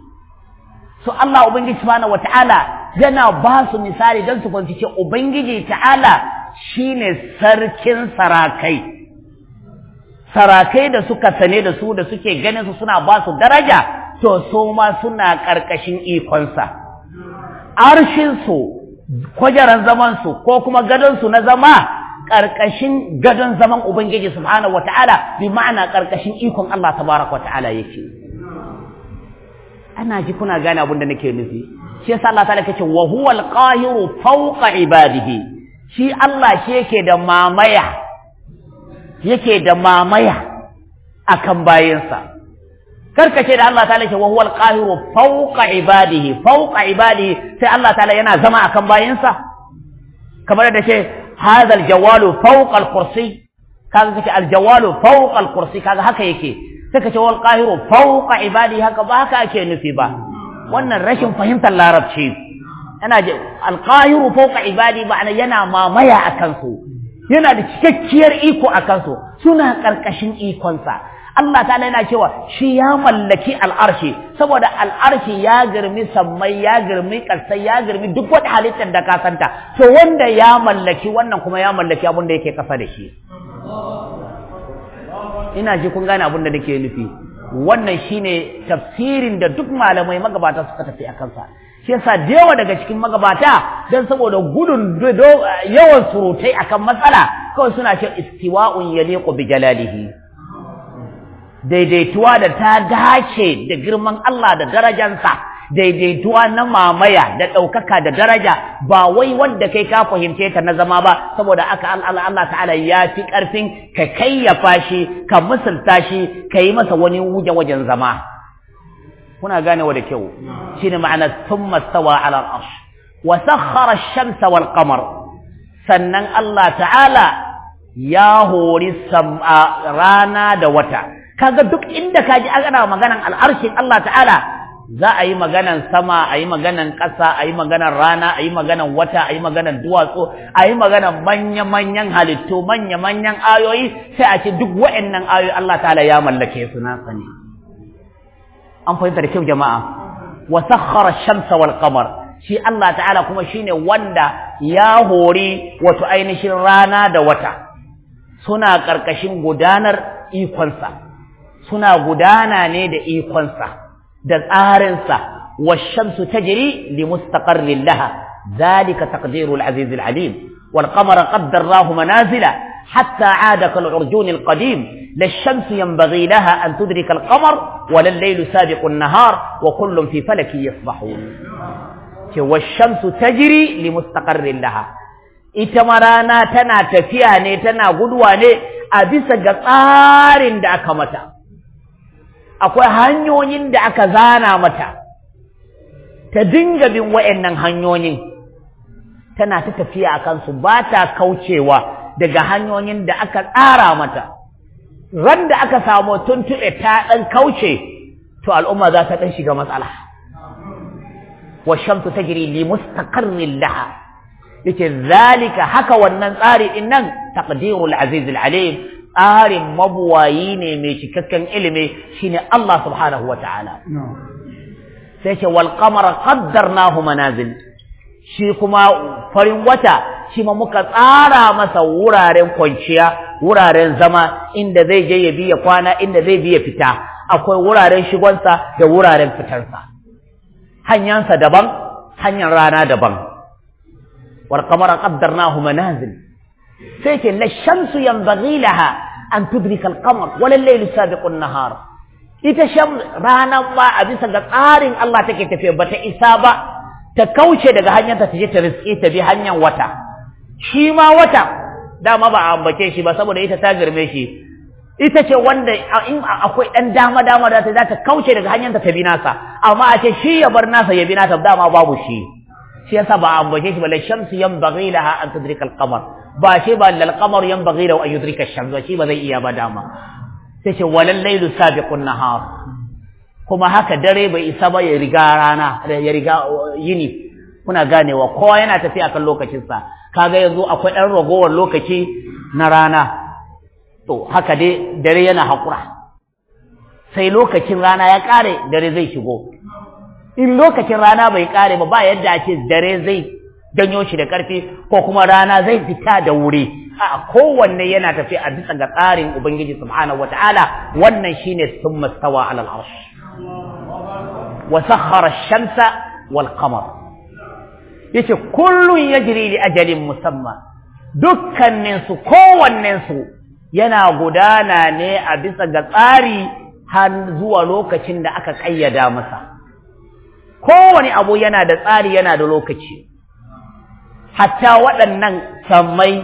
su Allah Ubangiji subhanahu wata'ala yana ba su misali don su kwanci ce Ubangiji ta'ala shine sarkin sarakai sarakai da suka sane da su da suke ganin su suna ba su daraja to so ma suna ƙarƙashin ikonsa arshinsu kwajaran zamansu ko kuma gadonsu na zama ƙarƙashin gadon zaman ubangiji subhanahu wataala bi ma'ana ƙarƙashin ikon Allah wa ta'ala yake ana ji kuna gane abin da nake nufi shi yasa Allah ta'ala kace wa huwal qahiru fawqa ibadihi shi Allah shi yake da mamaya yake da mamaya akan bayansa karka ce da Allah Ta ke wa huwal qahiru fawqa ibadihi fawqa ibadihi sai Allah Ta yana zama akan bayansa kamar da ce hadal jawalu fawqa al kaga fawqa kaga haka yake sai kace wal qahiru fawqa ibadihi haka ba haka ake nufi ba wannan rashin fahimtar larabci yana al fawqa ibadi ma'ana yana mamaya akan su yana da cikakkiyar iko a kansu suna ƙarƙashin ikonsa Allah ta yana cewa shi ya mallaki al'arshi saboda al'arshi ya girmi sammai ya girmi ƙarsai ya girmi duk wata halittar da ka santa to wanda ya mallaki wannan kuma ya mallaki abin da yake kasa da shi ina ji kun gane abin da nake nufi wannan shine tafsirin da duk malamai magabata suka tafi a kansa shi yasa da yawa daga cikin magabata don saboda gudun yawan surutai akan matsala kawai suna cewa istiwa'un yaliqu bi jalalihi daidaituwa da ta dace da girman Allah da darajansa daidaituwa na mamaya da ɗaukaka da daraja ba wai wanda kai ka fahimce ta na zama ba saboda aka Allah ta'ala ya fi ƙarfin ka kayyafa shi ka misalta shi ka yi masa wani wuje wajen zama kuna ganewa da kyau shine ma'ana thumma stawa ala al-arsh wa sakhkhara ash-shamsa wal qamar sannan Allah ta'ala ya hori rana da wata kaga duk inda kaji ana maganan al-arshin Allah ta'ala za a yi maganan sama a yi maganan ƙasa a yi maganan rana a yi maganan wata a yi maganan duwatsu a yi maganan manya-manyan halittu manya-manyan ayoyi sai a ce duk wa'annan ayoyi Allah ta'ala ya mallake su na sani an fahimta da kyau jama'a wa sakhara ash-shamsa wal qamar shi Allah ta'ala kuma shine wanda ya hori wato ainihin rana da wata suna karkashin gudanar ikonsa suna gudana ne da ikonsa da tsarinsa wash-shamsu tajri li mustaqarrin laha dhalika taqdirul azizil alim wal qamara qaddarahu manazila حتى عاد كالعرجون القديم لا الشمس ينبغي لها أن تدرك القمر ولا الليل سابق النهار وكل في فلك يصبحون والشمس تجري لمستقر لها إتمرانا تنا تفياني تنا قدواني أبس قطار دعك متى أكو هنيون دعك زانا متى تدنج بوئنن هنيون تنا تتفيا كان سباتا كوچي وقال daga hanyoyin da aka tsara mata ran da aka samu tuntuɓe ta ɗan kauce to al'umma za ta ɗan shiga matsala wa shamsu tajri li mustaqarrin laha yace zalika haka wannan tsari din nan taqdirul aziz alim tsarin mabuwayi ne mai cikakken ilimi shine Allah subhanahu wa ta'ala sai ce wal qamara qaddarnahu manazil shi kuma farin wata shi ma muka tsara masa wuraren kwanciya wuraren zama inda zai je ya biya kwana inda zai biya fita akwai wuraren shigonsa da wuraren fitarsa hanyansa daban hanyar rana daban wal qamara qaddarnahu manazil sai ke la shamsu yanbaghi laha an tudrika al qamar wal layl sabiqu an nahar ita sham rana ba a bisa ga tsarin Allah take tafiya bata isa ba ta kauce daga hanyarta ta je ta riske ta bi hanyar wata shi ma wata dama ba a ambace shi ba saboda ita ta girme shi ita ce wanda in akwai ɗan dama dama da za ta kauce daga hanyarta ta bi nasa amma a ce shi ya bar nasa ya bi nasa dama babu shi shi yasa ba a ambace shi ba la shamsu yanbaghi laha an tudrika al-qamar ba shi ba lal qamar yanbaghi lahu an yudrika ash-shams shi ba zai iya ba dama sai ce walal laylu sabiqun nahar kuma haka dare bai isa ba ya riga rana ya riga yini kuna ganewa kowa yana tafiya kan lokacinsa kaga yanzu akwai ɗan ragowar lokaci na rana to haka dai dare yana haƙura sai lokacin rana ya ƙare dare zai shigo in lokacin rana bai ƙare ba ba yadda ake dare zai ganyo shi da ƙarfi ko kuma rana zai fita da wuri a kowanne yana tafiya a bisa ga tsarin ubangiji subhanahu wataala wannan shine sun mastawa alal arsh wa sakhara ash-shamsa wal qamar yace kullun yajri li ajalin musamman dukkanin su su yana gudana ne a bisa ga tsari har zuwa lokacin da aka ƙayyada masa kowane abu yana da tsari yana da lokaci hatta waɗannan sammai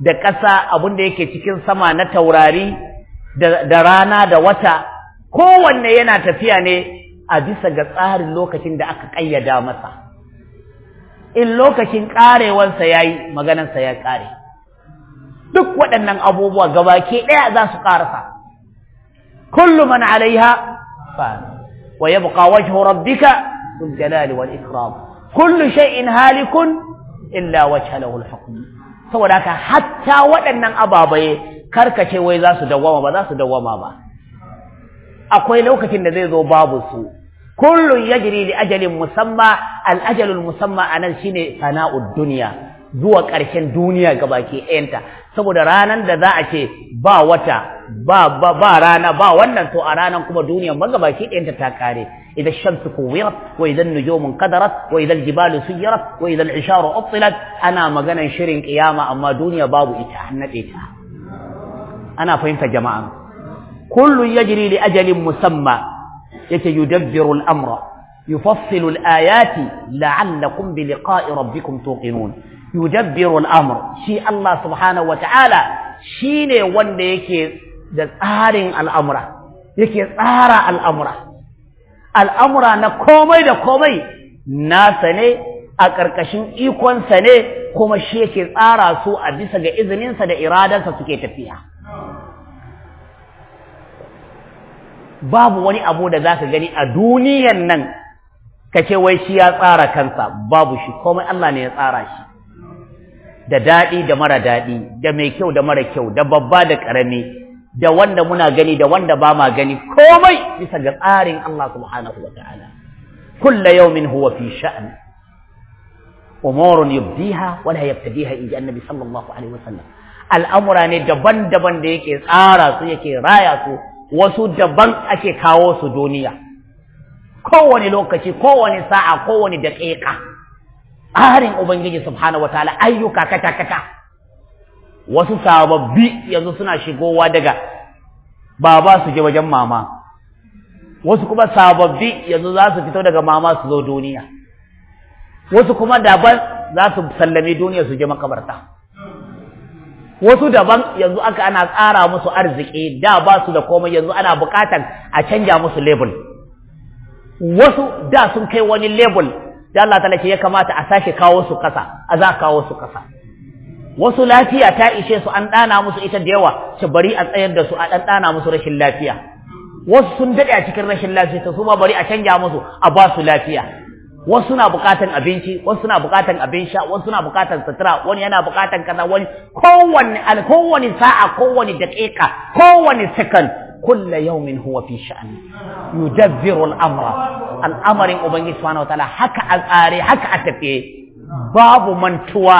da ƙasa abin da yake cikin sama na taurari da rana da wata kowanne yana tafiya ne a bisa ga tsarin lokacin da aka ƙayyada masa in lokacin ƙarewansa ya yi maganansa ya ƙare duk waɗannan abubuwa ke ɗaya za su ƙarasa kullum man alaiha fan wa wajen wajhu rabbika duk jalali wani ikram kullum shai in halikun illa wajhahu al hukm saboda haka hatta waɗannan ababaye karkace wai za su dawwama ba za su dawwama ba akwai lokacin da zai zo babu su kullun yajri li ajalin musamma al ajalul musamma anan shine fana'ud dunya zuwa ƙarshen duniya gabaki ɗayanta saboda ranan da za a ce ba wata ba ba ba rana ba wannan to a ranan kuma duniya magabaki ɗayanta ta kare idza shamsu kuwira wa idza nujumun qadarat wa idza jibalu suyirat wa idza al-isharu ubtilat ana maganan shirin kiyama amma duniya babu ita annade ta ana fahimta jama'a كل يجري لأجل مسمى يتي الأمر يفصل الآيات لعلكم بلقاء ربكم توقنون يدبر الأمر شيء الله سبحانه وتعالى شين وند يكي تسارين الأمر يكي تسار الأمر الأمر نكومي دكومي ناسني a ƙarƙashin ikonsa ne kuma shi yake tsara su a bisa ga izininsa da iradarsa suke tafiya babu wani abu da za ka gani a duniyan nan kace wai shi ya tsara kansa babu shi komai Allah ne ya tsara shi da daɗi da mara daɗi, da mai kyau da mara kyau da babba da karami da wanda muna gani da wanda ba ma gani komai bisa ga tsarin Allah subhanahu ta'ala kullu yawmin huwa fi sha'n umurun yubdiha wa la yabtadiha inji annabi sallallahu alaihi wasallam al'amura ne daban-daban da yake tsara su yake raya su wasu daban ake kawo su duniya kowane lokaci kowane sa'a kowane daƙiƙa tsarin ubangiji subhanahu watala, ayyuka kata kata wasu sababbi yanzu suna shigowa daga baba su je wajen mama wasu kuma sababbi yanzu za su fito daga mama su zo duniya wasu kuma daban za su sallame duniya su je makabarta wasu daban yanzu aka ana tsara musu arziki da ba su da komai yanzu ana buƙatar a canja musu label wasu da sun kai wani label da Allah ta ya kamata a sake kawo su kasa a za kawo su kasa wasu lafiya ta ishe su an ɗana musu ita da yawa su bari a tsayar da su a ɗan ɗana musu rashin lafiya wasu sun daɗe a cikin rashin lafiya su ma bari a canja musu a ba su lafiya wasu na bukatan abinci wasu na bukatan abin sha wasu na bukatan sutura wani yana bukatan kaza wani kowanne al kowanne sa'a kowanne daqiqa kowanne second kullu yawmin huwa fi sha'an yudabbiru al-amra al-amrin ubangi subhanahu wa ta'ala haka a tsare haka a tafiye babu mantuwa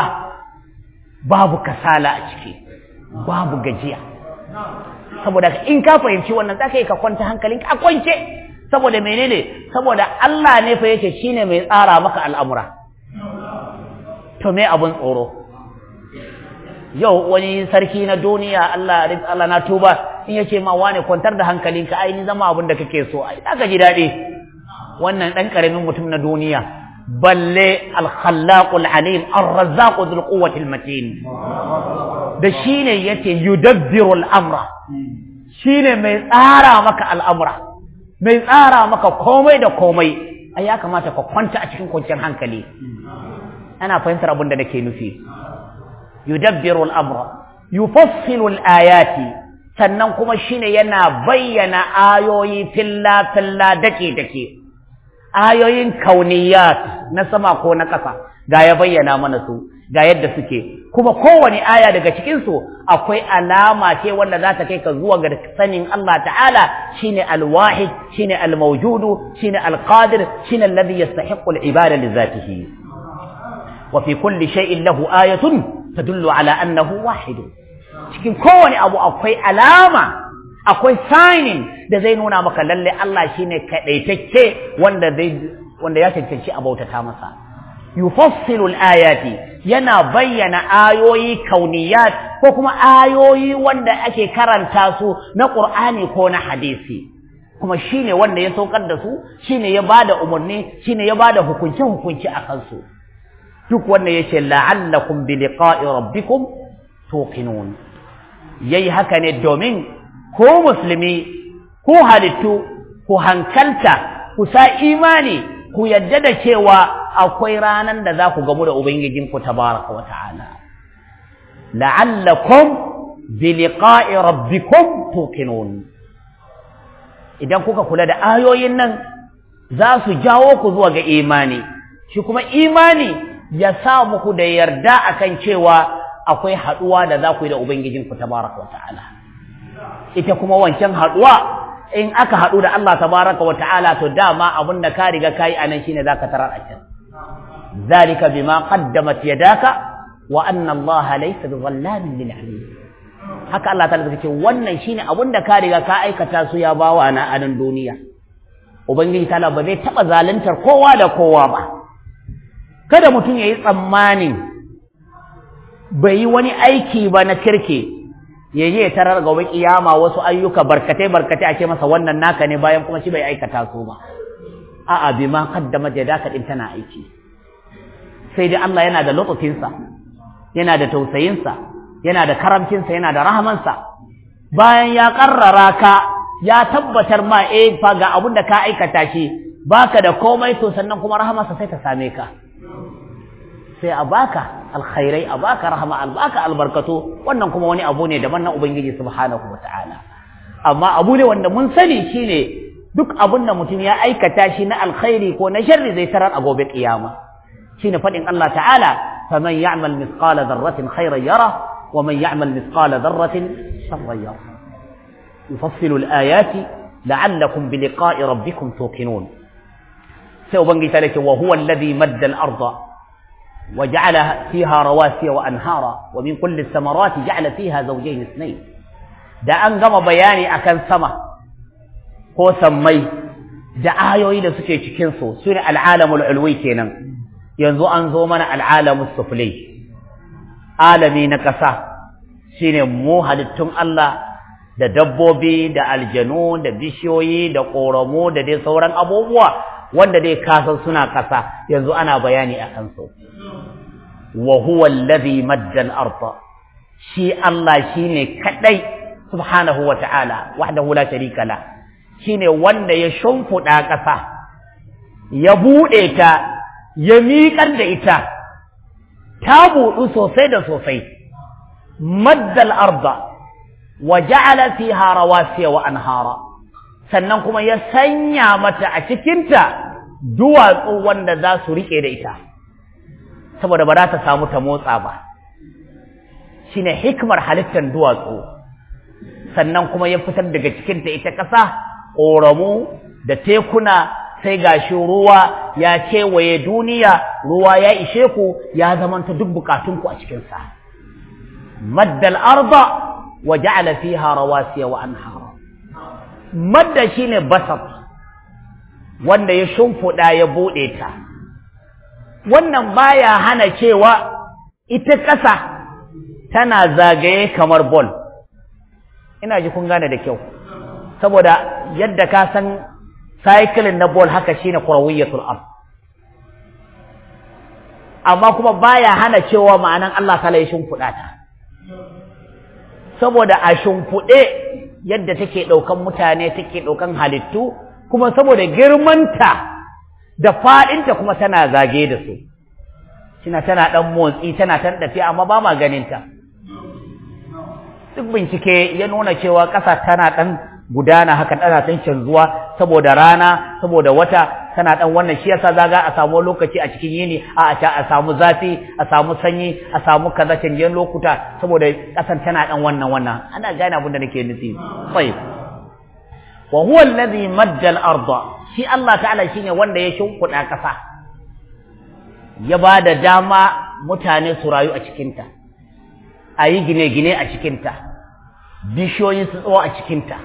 babu kasala a ciki babu gajiya saboda in ka fahimci wannan zaka yi ka kwanta hankalinka a kwance saboda menene saboda Allah ne fa yake shine mai tsara maka al'amura to me abun tsoro yau wani sarki na duniya Allah Allah na tuba in yace ma wane kwantar da hankalinka ai ni zama abin da kake so ai zaka ji dadi wannan dan karamin mutum na duniya balle al-khallaqul alim ar-razzaq dhul quwwati al-matin da shine yake yudabbiru al-amra shine mai tsara maka al'amura mai tsara maka komai da komai a ya kamata ka kwanta a cikin kwanciyar hankali ana fahimtar abin da nake nufi yudabbiru al yufassilu al-ayati sannan kuma shine yana bayyana ayoyi filla filla dake dake ayoyin kauniyat na sama ko na ƙasa ga ya bayyana mana su ga yadda suke kuma kowane aya daga cikin su akwai alama ce wanda za ta kai ka zuwa ga sanin Allah ta'ala shine al-wahid shine al mawjud shine al-qadir shine alladhi yastahiqqu al-ibada li zatihi wa fi kulli shay'in lahu ayatun tadullu ala annahu wahid cikin kowane abu akwai alama akwai signing da zai nuna maka lalle Allah shine kadaitacce wanda zai wanda ya cancanci a bautata masa yufassilu al-ayati yana bayyana ayoyi kauniyat ko kuma ayoyi wanda ake karanta su na Qur'ani ko na hadisi kuma shine wanda ya saukar da su shine ya bada umarni shine ya bada hukunci hukunci a kansu. duk wanda yace la'allakum bi liqa'i rabbikum tuqinun yayi haka ne domin ko musulmi ko halittu ku hankalta ku sa imani ku yadda da cewa akwai ranan da za ku gamu da ubangijinku tabaraka wa ta'ala la'allakum bi liqa'i rabbikum tuqinun idan kuka kula da ayoyin nan za su jawo ku zuwa ga imani shi kuma imani ya sa muku da yarda akan cewa akwai haɗuwa da za ku yi da ubangijinku tabaraka wa ta'ala ita kuma wancan haɗuwa? in aka haɗu da Allah ta baraka wa ta'ala to dama abin da ka riga ka yi kayi anan shine ka tarar a can zalika bima قدمت yadaka wa الله ليس بظلام للعبيد haka Allah ta yake wannan shine da ka riga ka aikata su ya bawa na anan duniya ubangiji ta'ala ba zai taba zaluntar kowa da kowa ba kada mutum yayi tsammanin bai yi wani aiki ba na kirke ya je tarar gobe kiyama wasu ayyuka barkatai barkatai ake masa wannan naka ne bayan kuma shi bai aikata su ba a'a bima qaddamat yadaka din tana aiki sai dai Allah yana da lutufinsa yana da tausayinsa yana da karamcinsa yana da rahamansa bayan ya karrara ka ya tabbatar ma e fa ga abin da ka aikata shi baka da komai to sannan kuma rahamarsa sai ta same ka sai a baka alkhairai a baka rahama a baka albarkato wannan kuma wani abu ne daban na ubangiji subhanahu wataala amma abu ne wanda mun sani shine duk abin da mutum ya aikata shi na alkhairi ko na sharri zai tarar a gobe ƙiyama. shine fadin Allah ta'ala faman ya'mal mithqala dharratin khairan yara ومن يعمل مثقال ذرة شرا يره يفصل الآيات لعلكم بلقاء ربكم توقنون سيوبنجي ثالث وهو الذي مد الأرض وجعل فيها رواسي وأنهارا ومن كل الثمرات جعل فيها زوجين اثنين da an gama bayani akan sama ko sammai da ayoyi da suke cikinsu su ne al'alamul ulwi kenan yanzu an zo mana al'alamun sufli alami na ƙasa shine mu halittun Allah da dabbobi da aljanu da bishiyoyi da ƙoramu da dai sauran abubuwa wanda dai kasan suna ƙasa yanzu ana bayani a kansu wa huwa allazi madda al shi Allah shine kadai subhanahu wa ta'ala wahdahu hula sharika shi ne wanda ya shunfuda ƙasa ya buɗe ta ya miƙar da ita ta buɗu sosai da sosai maddal arda wa ja'ala fiha rawasiya wa hara sannan kuma ya sanya mata a cikinta duwatsu wanda za su riƙe da ita saboda ba za ta samu ta motsa ba shine hikmar halittar duwatsu sannan kuma ya fitar daga cikinta ita ƙasa ƙoramu da tekuna sai gashi ruwa ya kewaye duniya ruwa ya ishe ku ya zamanta duk bukatun ku a cikinsa maddal arda wa ja'ala fiha rawasiya wa anhara madda shine basar wanda ya shimfuda ya bude ta wannan baya hana cewa ita ƙasa tana zagaye kamar bol ina ji kun gane da kyau saboda yadda ka san cycling na ball haka shine kurawiyatul ard amma kuma baya hana cewa ma'anan Allah ta laishin shimfiɗa ta saboda a shimfiɗe yadda take ɗaukan mutane take ɗaukan halittu kuma saboda girmanta da faɗinta kuma tana zage da su kina tana ɗan motsi tana tan dafi amma ba ma ta duk bincike ya nuna cewa ƙasa tana ɗan gudana haka tana san canzuwa saboda rana saboda wata tana dan wannan shi yasa zaga a samu lokaci a cikin yini a a samu zafi a samu sanyi a samu kaza canjen lokuta saboda kasan tana dan wannan wannan ana gane abin da nake nufi sai wa huwa alladhi madda al-ardha shi Allah ta'ala shine wanda ya shimfida kasa ya ba da dama mutane su rayu a cikinta a yi gine-gine a cikinta bishiyoyi su tsawo a cikinta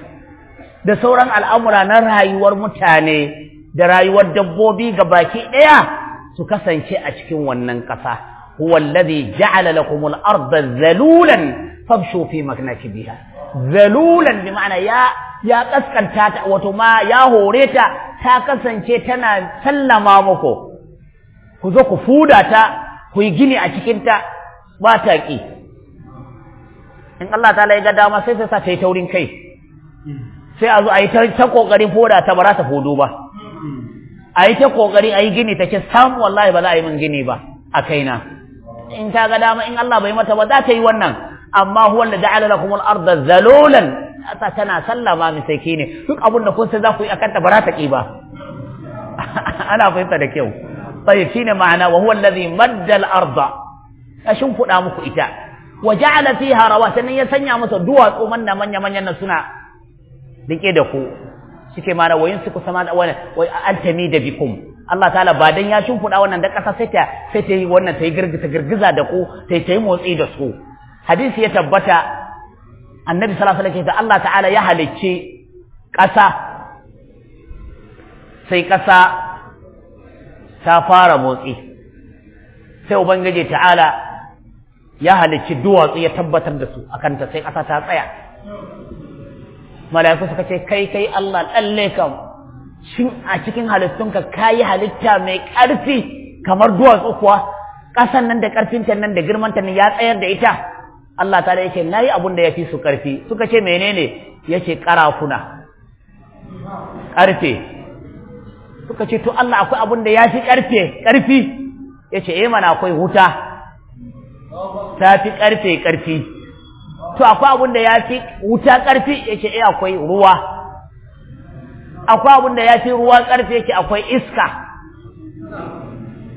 da sauran al'amura na rayuwar mutane da rayuwar dabbobi ga baki ɗaya su kasance a cikin wannan ƙasa huwallazi ja'ala kuma arda zalulan famshu fi biya. zalulan bi ma'ana ya ƙasƙanta ta wato ma ya hore ta ta kasance tana sallama muku ku zo ku fuda ta ku yi gini a cikin ta ba ta ƙi. in Allah ta ya ga dama sai sai sa ta yi taurin kai sai a zo a yi ta ƙoƙarin foda ta ba za ta fodo ba a yi ta ƙoƙarin a yi gini ta ce samu wallahi ba za a yi min gini ba a kaina in ta ga dama in Allah bai mata ba za ta yi wannan amma huwa da ja'ala lakum al-ardha zalulan ta tana sallama mi sai ne duk abunda da kun sai za ku yi akan ta ba za ta ki ba ana fahimta da kyau tayyib shine ma'ana wa huwa alladhi madda al-ardha kashin fuda muku ita wa ja'ala fiha rawatan ya sanya masa duwatsu manna manya manyan suna rike da ku shike mana wayin su sama da wannan wai altami da bikum Allah ta'ala ba dan ya shimfuda wannan da kasa sai ta sai ta yi wannan ta yi girgiza girgiza da ku ta yi ta yi motsi da su hadisi ya tabbata annabi sallallahu alaihi wasallam Allah ta'ala ya halicce kasa sai kasa ta fara motsi sai ubangiji ta'ala ya halicci duwatsu ya tabbatar da su akan ta sai kasa ta tsaya mala'iku suka ce kai kai Allah lalle kam shin a cikin ka kayi halitta mai ƙarfi kamar duwatsu kuwa ƙasan nan da ƙarfinta nan da girmanta ya tsayar da ita Allah ta yake na yi abin da ya su ƙarfi suka ce menene yace ce ƙarafuna ƙarfe suka ce to Allah akwai abin da ya fi ƙarfe ƙarfi yace eh mana akwai wuta ta fi ƙarfe ƙarfi to akwai abin da ya fi wuta ƙarfi yake eh akwai ruwa akwai abin da ya fi ruwa ƙarfi yake akwai iska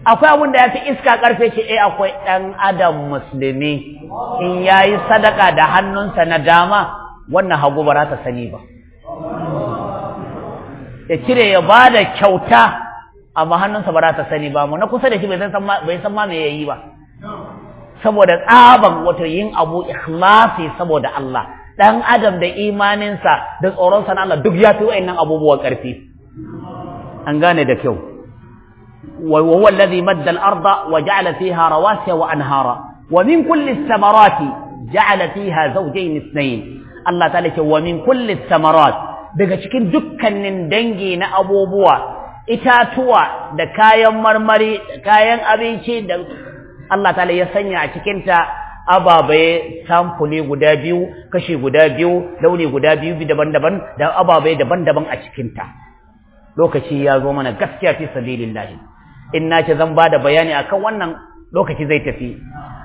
akwai abin da ya fi iska ƙarfi yake eh akwai ɗan adam musulmi in ya yi sadaka da hannunsa na dama wannan hagu ba za ta sani ba ya cire ya ba da kyauta amma hannunsa ba za ta sani ba mu na kusa da shi bai san ma me ya yi ba saboda tsaban wato yin abu ikhlasi saboda Allah dan adam da imaninsa da tsoronsa na Allah duk ya fi wayannan abubuwa karfi an gane da kyau wa huwa alladhi madda al ardha wa ja'ala fiha rawasiya wa anhara wa min kulli ath-thamarati ja'ala fiha zawjayn ithnayn Allah ta'ala ce wa min kulli ath-thamarat daga cikin dukkanin dangi na abubuwa itatuwa da kayan marmari kayan abinci da Allah ta'ala ya sanya a cikinta ababai samfuli guda biyu kashi guda biyu launi guda biyu daban-daban da ababai daban-daban a cikinta lokaci ya zo mana gaskiya fi sabilillah in na zan ba da bayani akan wannan lokaci zai tafi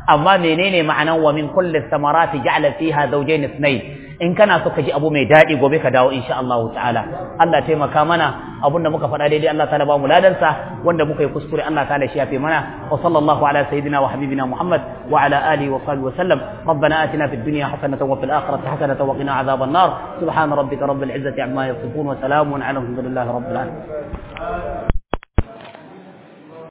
amma menene ma'anan wa min kulli samarati ja'ala fiha zawjayn ithnayn in kana so ka ji abu mai dadi gobe ka dawo insha Allah ta'ala Allah taimaka mana abinda muka faɗa daidai Allah ta'ala ba mu ladansa wanda muka yi kuskure Allah ta'ala shi yafe mana wa sallallahu ala sayidina wa habibina Muhammad wa ala alihi wa sahbihi wa sallam rabbana atina fid dunya hasanatan wa fil akhirati hasanatan wa qina adhaban nar subhana rabbika rabbil izzati amma yasifun wa salamun ala alhamdulillahi rabbil alamin